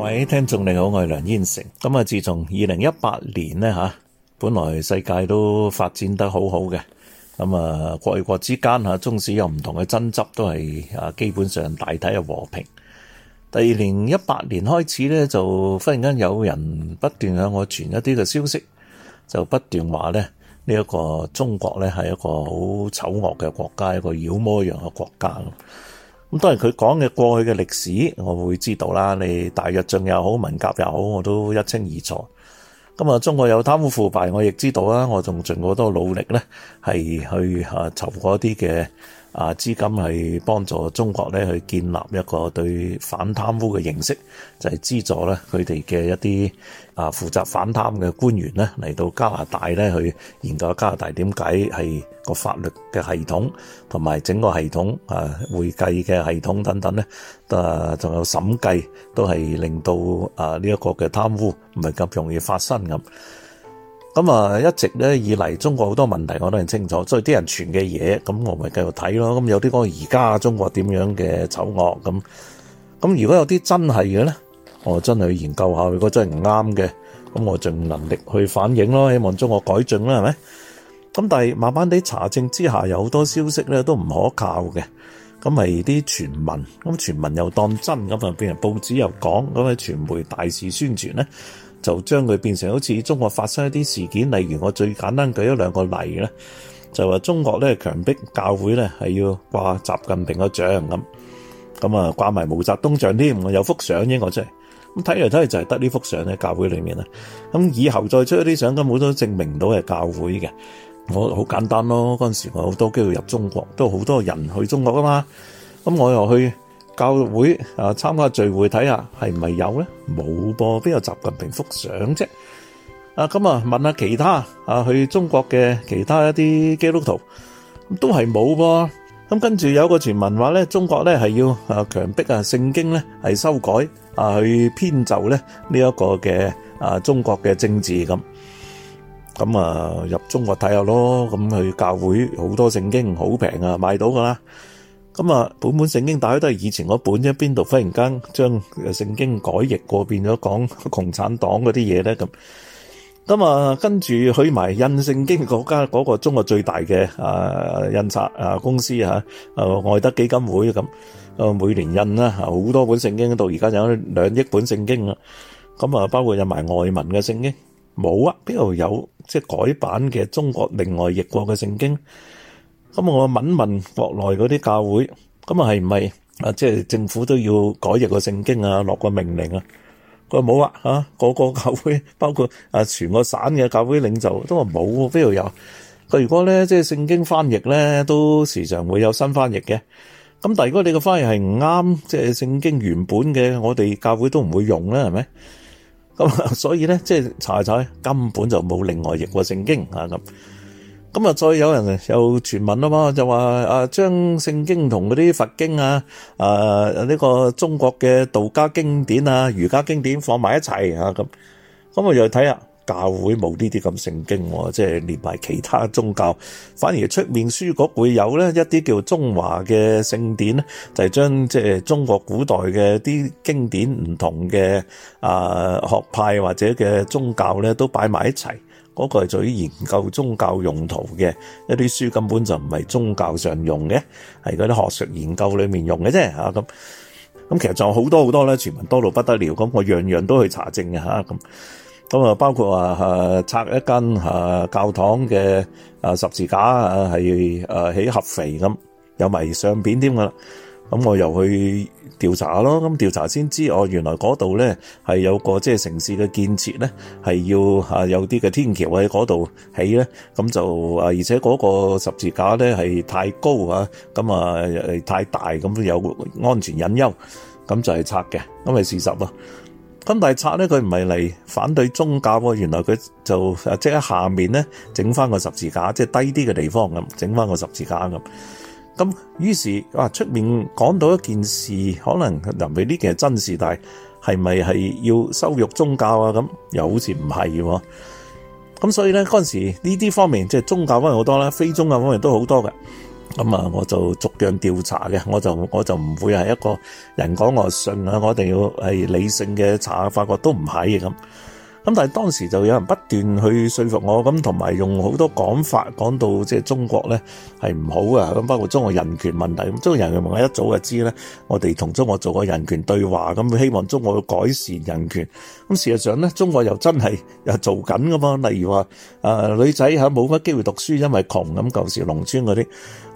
各位聽眾你好，我係梁燕成。咁啊，自從二零一八年呢，吓，本來世界都發展得好好嘅，咁啊，國與國之間吓，縱使有唔同嘅爭執，都係啊基本上大體系和平。第二零一八年開始咧，就忽然間有人不斷向我傳一啲嘅消息，就不斷話咧呢一個中國咧係一個好醜惡嘅國家，一個妖魔一樣嘅國家。咁當然佢講嘅過去嘅歷史，我會知道啦。你大躍進又好，文革又好，我都一清二楚。咁啊，中國有貪污腐敗，我亦知道啦。我仲盡好多努力咧，係去籌嗰啲嘅。啊，資金係幫助中國咧去建立一個對反貪污嘅認識，就係、是、資助咧佢哋嘅一啲啊負責反貪嘅官員咧嚟到加拿大咧去研究加拿大點解係個法律嘅系統同埋整個系統，啊會計嘅系統等等咧，啊仲有審計都係令到啊呢一個嘅貪污唔係咁容易發生咁。咁啊，一直咧以嚟，中國好多問題我都係清楚，所以啲人傳嘅嘢，咁我咪繼續睇咯。咁有啲講而家中國點樣嘅醜惡，咁咁如果有啲真係嘅咧，我真係去研究一下。如果真係唔啱嘅，咁我盡能力去反映咯。希望中國改正啦，係咪？咁但係慢慢地查證之下，有好多消息咧都唔可靠嘅，咁係啲傳聞。咁傳聞又當真咁啊？變成報紙又講，咁喺傳媒大肆宣傳咧。就將佢變成好似中國發生一啲事件，例如我最簡單舉咗兩個例咧，就話中國咧強迫教會咧係要掛習近平個像咁，咁啊掛埋毛澤東像添，有幅相應我真係，咁睇嚟睇去就係得呢幅相咧教會裏面啦，咁以後再出一啲相，根本都證明到係教會嘅，我好簡單咯，嗰陣時我好多機會入中國，都有好多人去中國噶嘛，咁我又去。教會啊，參加聚會睇下係咪有咧？冇噃，邊有習近平幅相啫？啊，咁啊，問下其他啊，去中國嘅其他一啲基督徒，都係冇噃。咁跟住有個傳聞話咧，中國咧係要啊強迫啊聖經咧係修改啊去編就咧呢一個嘅啊中國嘅政治咁。咁啊入中國睇下咯，咁去教會好多聖經好平啊，賣到噶啦。咁啊，本本聖經大概都係以前嗰本，一邊度忽然間將聖經改譯過，變咗講共產黨嗰啲嘢咧？咁咁啊，跟住去埋印聖經嗰家嗰、嗰個中國最大嘅啊印刷啊公司嚇，啊愛、啊、德基金會咁、啊，每年印啦好、啊、多本聖經，到而家有兩億本聖經啊。咁啊，包括印埋外文嘅聖經，冇啊，邊度有即係、就是、改版嘅中國另外譯過嘅聖經？咁我問問國內嗰啲教會，咁係唔係啊？即係政府都要改譯個聖經啊，落個命令啊？佢話冇啊，嚇、啊、個個教會，包括啊全個省嘅教會領袖都話冇、啊，邊度有、啊？佢如果咧即係聖經翻譯咧，都時常會有新翻譯嘅。咁但係如果你個翻譯係唔啱，即係聖經原本嘅，我哋教會都唔會用啦，係咪？咁所以咧，即係查一查，根本就冇另外譯過聖經啊咁。咁啊，再有人又傳聞啊嘛，就話啊，將聖經同嗰啲佛經啊，啊呢個中國嘅道家經典啊、儒家經典放埋一齊嚇咁。咁、啊、我又睇下，教會冇呢啲咁聖經，即係連埋其他宗教，反而出面書局會有咧一啲叫中華嘅聖典咧，就係將即係中國古代嘅啲經典唔同嘅啊學派或者嘅宗教咧都擺埋一齊。嗰個係屬於研究宗教用途嘅一啲書，根本就唔係宗教上用嘅，係嗰啲學術研究裡面用嘅啫嚇。咁咁其實仲有好多好多咧，傳聞多到不得了。咁我樣樣都去查證嘅嚇。咁咁啊，包括話拆一間啊教堂嘅啊十字架啊，係誒喺合肥咁有埋相片添㗎喇。咁我又去調查咯，咁調查先知哦，原來嗰度咧係有個即係、就是、城市嘅建設咧，係要有啲嘅天橋喺嗰度起咧，咁就啊而且嗰個十字架咧係太高啊，咁啊太大咁有安全隱憂，咁就係拆嘅，咁係事實啊。咁但係拆咧，佢唔係嚟反對宗教喎，原來佢就即係喺下面咧整翻個十字架，即係低啲嘅地方咁整翻個十字架咁。咁於是啊出面講到一件事，可能人你呢件係真事，但係咪係要羞辱宗教啊？咁又好似唔係喎。咁所以呢，嗰陣時呢啲方面，即係宗教方面好多啦，非宗教方面都好多嘅。咁啊，我就逐樣調查嘅，我就我就唔會係一個人講我信啊，我一定要係理性嘅查，發覺都唔係咁。咁但係當時就有人不斷去說服我，咁同埋用好多講法講到即係中國咧係唔好啊！咁包括中國人權問題，咁中國人權問題我一早就知咧。我哋同中國做過人權對話，咁希望中國去改善人權，咁事實上咧，中國又真係又做緊噶嘛。例如話誒、呃、女仔喺冇乜機會讀書，因為窮，咁舊時農村嗰啲，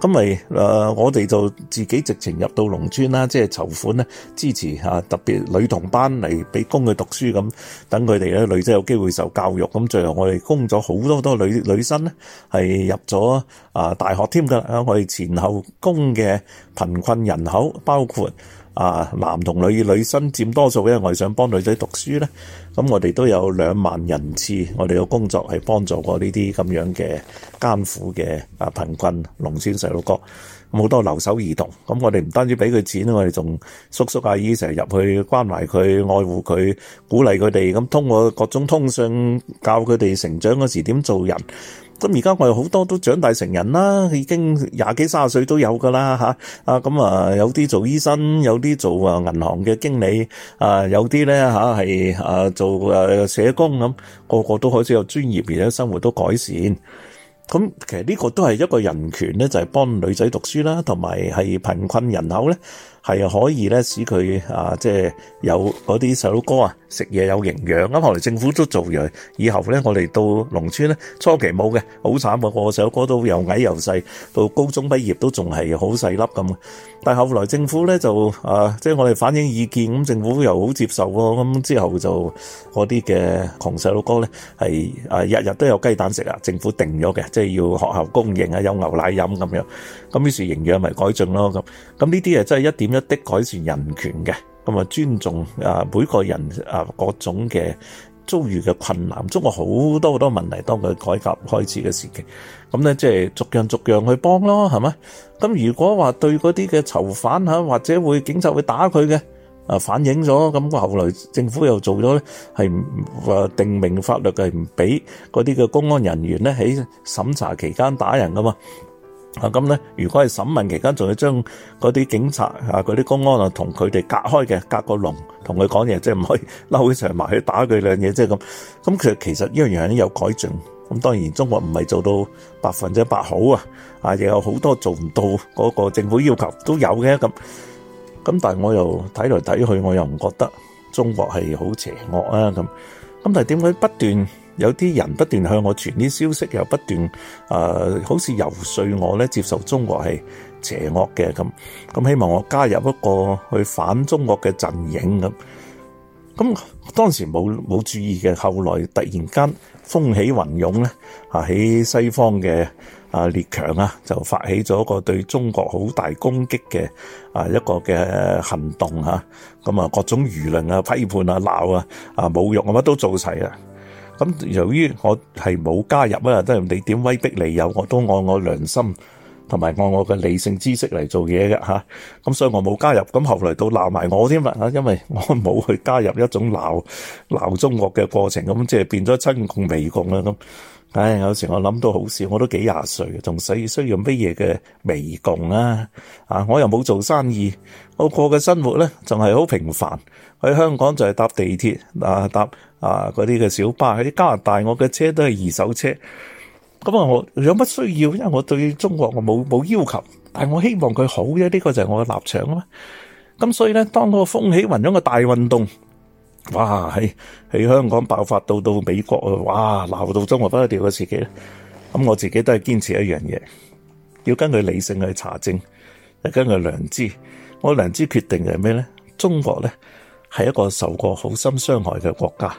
咁咪誒我哋就自己直情入到農村啦，即係籌款咧支持嚇，特別女童班嚟俾供佢讀書咁，等佢哋咧女。即係有機會受教育咁，最後我哋供咗好多好多女女生咧，係入咗啊大學添㗎。我哋前後供嘅貧困人口，包括啊男同女女生佔多數嘅，因為我哋想幫女仔讀書咧。咁我哋都有兩萬人次，我哋嘅工作係幫助過呢啲咁樣嘅艱苦嘅啊貧困農村細路哥。好多留守兒童，咁我哋唔單止俾佢錢，我哋仲叔叔阿姨成日入去關懷佢，愛護佢，鼓勵佢哋，咁通過各種通訊教佢哋成長嗰時點做人。咁而家我哋好多都長大成人啦，已經廿幾三十歲都有噶啦嚇。啊咁啊，有啲做醫生，有啲做啊銀行嘅經理，啊有啲咧係啊，啊做啊社工咁、啊，個個都開始有專業，而且生活都改善。咁其實呢個都係一個人權咧，就係幫女仔讀書啦，同埋係貧困人口咧。係可以咧，使佢啊，即係有嗰啲細路哥啊食嘢有營養。咁後來政府都做嘢，以後咧我哋到農村咧初期冇嘅，好慘喎！個細路哥都又矮又細，到高中畢業都仲係好細粒咁。但係後來政府咧就啊，即係我哋反映意見，咁政府又好接受喎。咁、啊、之後就嗰啲嘅窮細路哥咧係啊日日都有雞蛋食啊，政府定咗嘅，即係要學校供應啊，有牛奶飲咁樣。咁於是營養咪改進咯咁。咁呢啲誒真係一點。一啲改善人權嘅，同埋尊重啊每個人啊各種嘅遭遇嘅困難，中國好多好多問題，當佢改革開始嘅時期，咁咧即係逐樣逐樣去幫咯，係咪？咁如果話對嗰啲嘅囚犯吓，或者會警察會打佢嘅啊，反映咗，咁後來政府又做咗咧，係話定明法律嘅，唔俾嗰啲嘅公安人員咧喺審查期間打人噶嘛。啊，咁咧，如果係審問期間，仲要將嗰啲警察啊、嗰啲公安啊，同佢哋隔開嘅，隔個籠，同佢講嘢，即係唔可以嬲起成埋去打佢兩嘢，即係咁。咁其實其實一樣樣有改進。咁當然中國唔係做到百分之一百好啊，啊，亦有好多做唔到嗰個政府要求都有嘅咁。咁但係我又睇嚟睇去，我又唔覺得中國係好邪惡啊咁。咁但係點解不斷？有啲人不斷向我傳啲消息，又不斷誒、呃，好似遊説我咧接受中國係邪惡嘅咁。咁希望我加入一個去反中國嘅陣營咁。咁當時，冇冇注意嘅，後來突然間風起雲湧，咧，啊喺西方嘅啊列強啊就發起咗一個對中國好大攻擊嘅啊一個嘅行動嚇。咁啊各種輿論啊批判啊鬧啊啊侮辱乜、啊、都做齊啊！咁由於我係冇加入啊，都係你點威逼利誘，我都按我良心。同埋按我嘅理性知識嚟做嘢嘅吓，咁所以我冇加入，咁後來到鬧埋我添啊！因為我冇去加入一種鬧鬧中國嘅過程，咁即係變咗親共媚共啦咁。唉、啊，有時我諗到好笑，我都幾廿歲，仲需需要乜嘢嘅媚共啊？啊，我又冇做生意，我過嘅生活咧，仲係好平凡。喺香港就係搭地鐵啊，搭啊嗰啲嘅小巴。喺加拿大，我嘅車都係二手車。咁啊，我有乜需要？因為我對中國我冇冇要求，但係我希望佢好啫。呢個就係我嘅立場啦。咁所以咧，當嗰個風起雲湧嘅大運動，哇喺喺香港爆發到到美國啊，哇鬧到中國不得了嘅時期咧，咁我自己都係堅持一樣嘢，要根據理性去查證，要根據良知。我良知決定嘅係咩咧？中國咧係一個受過好深傷害嘅國家。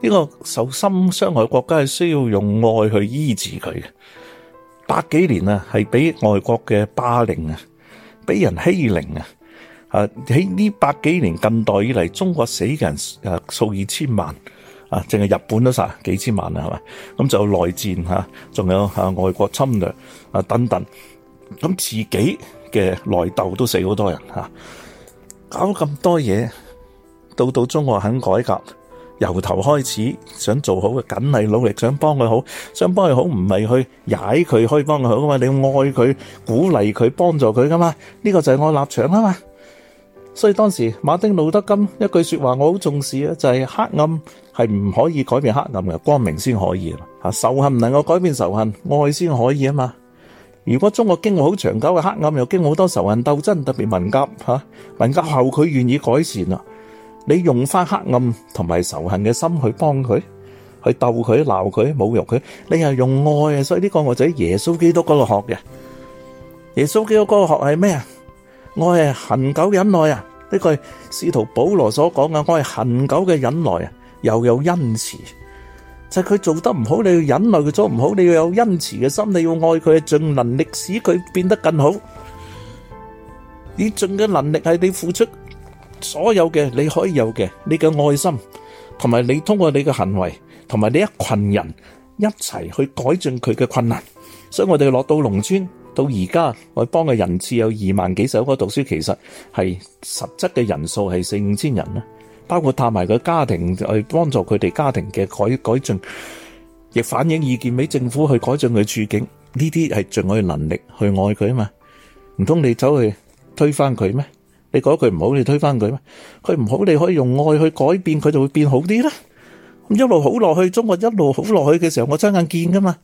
呢、這個受心傷害國家係需要用愛去醫治佢嘅。百幾年啊，係俾外國嘅霸凌啊，俾人欺凌啊。啊喺呢百幾年近代以嚟，中國死嘅人啊數以千萬啊，淨係日本都殺幾千萬啦，係咪？咁就有內戰嚇，仲有嚇外國侵略啊等等。咁自己嘅內鬥都死好多人嚇，搞咁多嘢，到到中國肯改革。由頭開始想做好嘅，盡力努力想幫佢好，想幫佢好唔係去踩佢，可以幫佢好噶嘛？你要愛佢、鼓勵佢、幫助佢噶嘛？呢、這個就係我立場啊嘛！所以當時馬丁路德金一句說話，我好重視啊，就係、是、黑暗係唔可以改變黑暗嘅，光明先可以啦。吓，仇恨唔能夠改變仇恨，愛先可以啊嘛！如果中國經過好長久嘅黑暗，又經過好多仇恨鬥爭，特別文革吓，文革後佢願意改善啦。你用翻黑暗同埋仇恨嘅心去幫佢，去鬥佢、鬧佢、侮辱佢，你又用愛啊！所以呢個我就喺耶穌基督嗰度學嘅，耶穌基督嗰個學係咩啊？愛係恒久忍耐啊！呢句使徒保羅所講嘅，愛係恒久嘅忍耐啊，又有恩慈。就係佢做得唔好，你要忍耐佢做唔好，你要有恩慈嘅心，你要愛佢，盡能力使佢變得更好。你盡嘅能力係你付出。所有嘅你可以有嘅，你嘅愛心，同埋你通過你嘅行為，同埋你一群人一齊去改進佢嘅困難。所以我哋落到農村到而家，我幫嘅人次有二萬幾十個讀書，其實係實質嘅人數係四五千人啦。包括探埋個家庭去幫助佢哋家庭嘅改改進，亦反映意見俾政府去改進佢處境。呢啲係盡我嘅能力去愛佢啊嘛，唔通你走去推翻佢咩？你覺得佢唔好，你推翻佢咩？佢唔好，你可以用愛去改變，佢就會變好啲啦。咁一路好落去，中國一路好落去嘅時候，我親眼見噶嘛。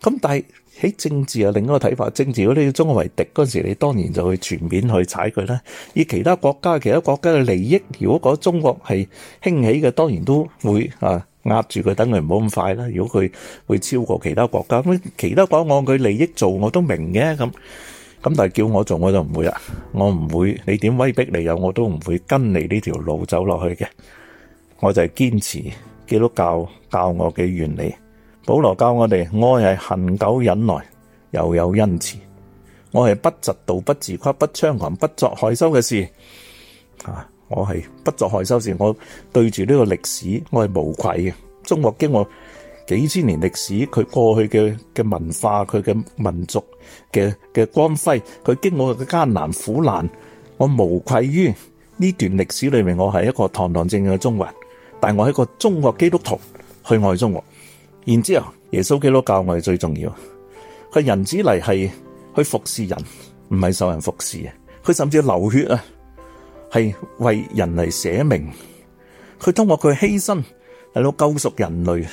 咁但係喺政治呀另一個睇法，政治如果你要中國為敵嗰陣時，你當然就會全面去踩佢啦。以其他國家、其他國家嘅利益，如果講中國係興起嘅，當然都會啊壓住佢，等佢唔好咁快啦。如果佢會超過其他國家，咁其他國家按佢利益做，我都明嘅咁。咁但係叫我做我就唔會啦，我唔會，你點威逼利誘我都唔會跟你呢條路走落去嘅。我就係堅持基督教教我嘅原理。保羅教我哋我係恆久忍耐，又有恩慈。我係不嫉妒、不自誇、不猖狂、不作害羞嘅事。我係不作害羞事。我對住呢個歷史，我係無愧嘅。《中國經》我，幾千年歷史，佢過去嘅嘅文化，佢嘅民族嘅嘅光輝，佢經過嘅艱難苦難，我無愧於呢段歷史裏面，我係一個堂堂正正嘅中華。但係我係一個中國基督徒去愛中國。然之後耶穌基督教我最重要，佢人子嚟，係去服侍人，唔係受人服侍啊。佢甚至流血啊，係為人嚟捨命。佢通過佢犧牲嚟到救贖人類。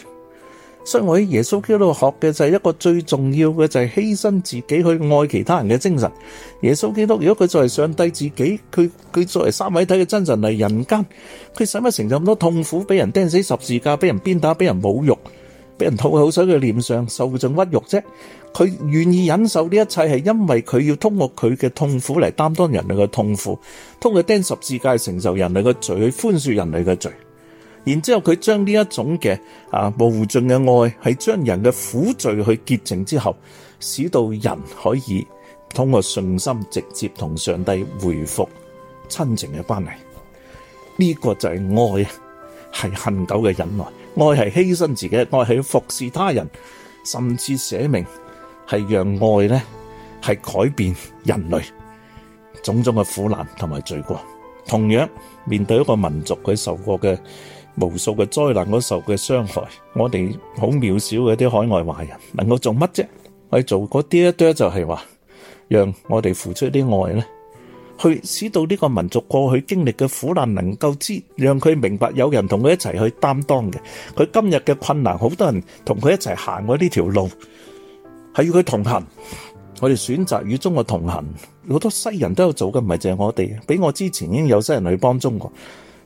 所以我喺耶穌基督度學嘅就係一個最重要嘅就係犧牲自己去愛其他人嘅精神。耶穌基督，如果佢作為上帝自己，佢佢作為三位體嘅真神嚟人間，佢使乜承受咁多痛苦，俾人釘死十字架，俾人鞭打，俾人侮辱，俾人吐口水嘅臉上受盡屈辱啫？佢願意忍受呢一切，係因為佢要通過佢嘅痛苦嚟擔當人類嘅痛苦，通過釘十字架來承受人類嘅罪，去寬恕人類嘅罪。然之後，佢將呢一種嘅啊無盡嘅愛，係將人嘅苦罪去潔淨之後，使到人可以通過信心直接同上帝回復親情嘅關係。呢、呢個就係愛啊，係恆久嘅忍耐，愛係犧牲自己，愛係要服侍他人，甚至寫明係讓愛咧係改變人類種種嘅苦難同埋罪過。同樣面對一個民族佢受過嘅。無數嘅災難嗰受嘅傷害，我哋好渺小嘅啲海外華人能夠做乜啫？我哋做嗰啲一堆就係話，讓我哋付出啲愛咧，去使到呢個民族過去經歷嘅苦難能夠知，讓佢明白有人同佢一齊去擔當嘅。佢今日嘅困難，好多人同佢一齊行過呢條路，係要佢同行。我哋選擇與中國同行，好多西人都有做嘅，唔係淨係我哋。俾我之前已經有西人去幫中國。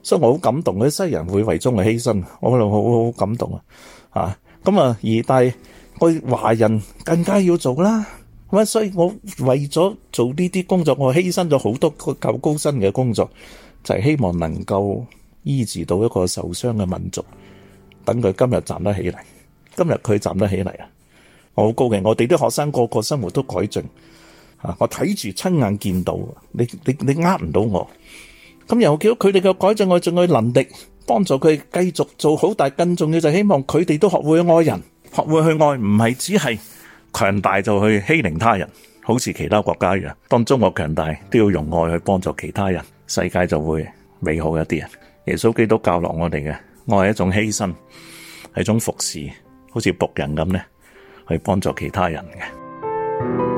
所以我好感動，嗰啲西人會為中國犧牲，我覺得好好感動啊！啊，咁啊，而但係我華人更加要做啦，咁啊，所以我為咗做呢啲工作，我犧牲咗好多個夠高薪嘅工作，就係希望能夠醫治到一個受傷嘅民族，等佢今日站得起嚟，今日佢站得起嚟啊！我好高興，我哋啲學生個個生活都改進啊！我睇住，親眼見到，你你你呃唔到我。咁由佢佢哋嘅改正愛、進愛能力，幫助佢繼續做好，但係更重要就希望佢哋都學會愛人，學會去愛，唔係只係強大就去欺凌他人，好似其他國家一樣。當中國強大，都要用愛去幫助其他人，世界就會美好一啲。耶穌基督教落我哋嘅愛係一種犧牲，係一種服侍，好似僕人咁咧，去幫助其他人嘅。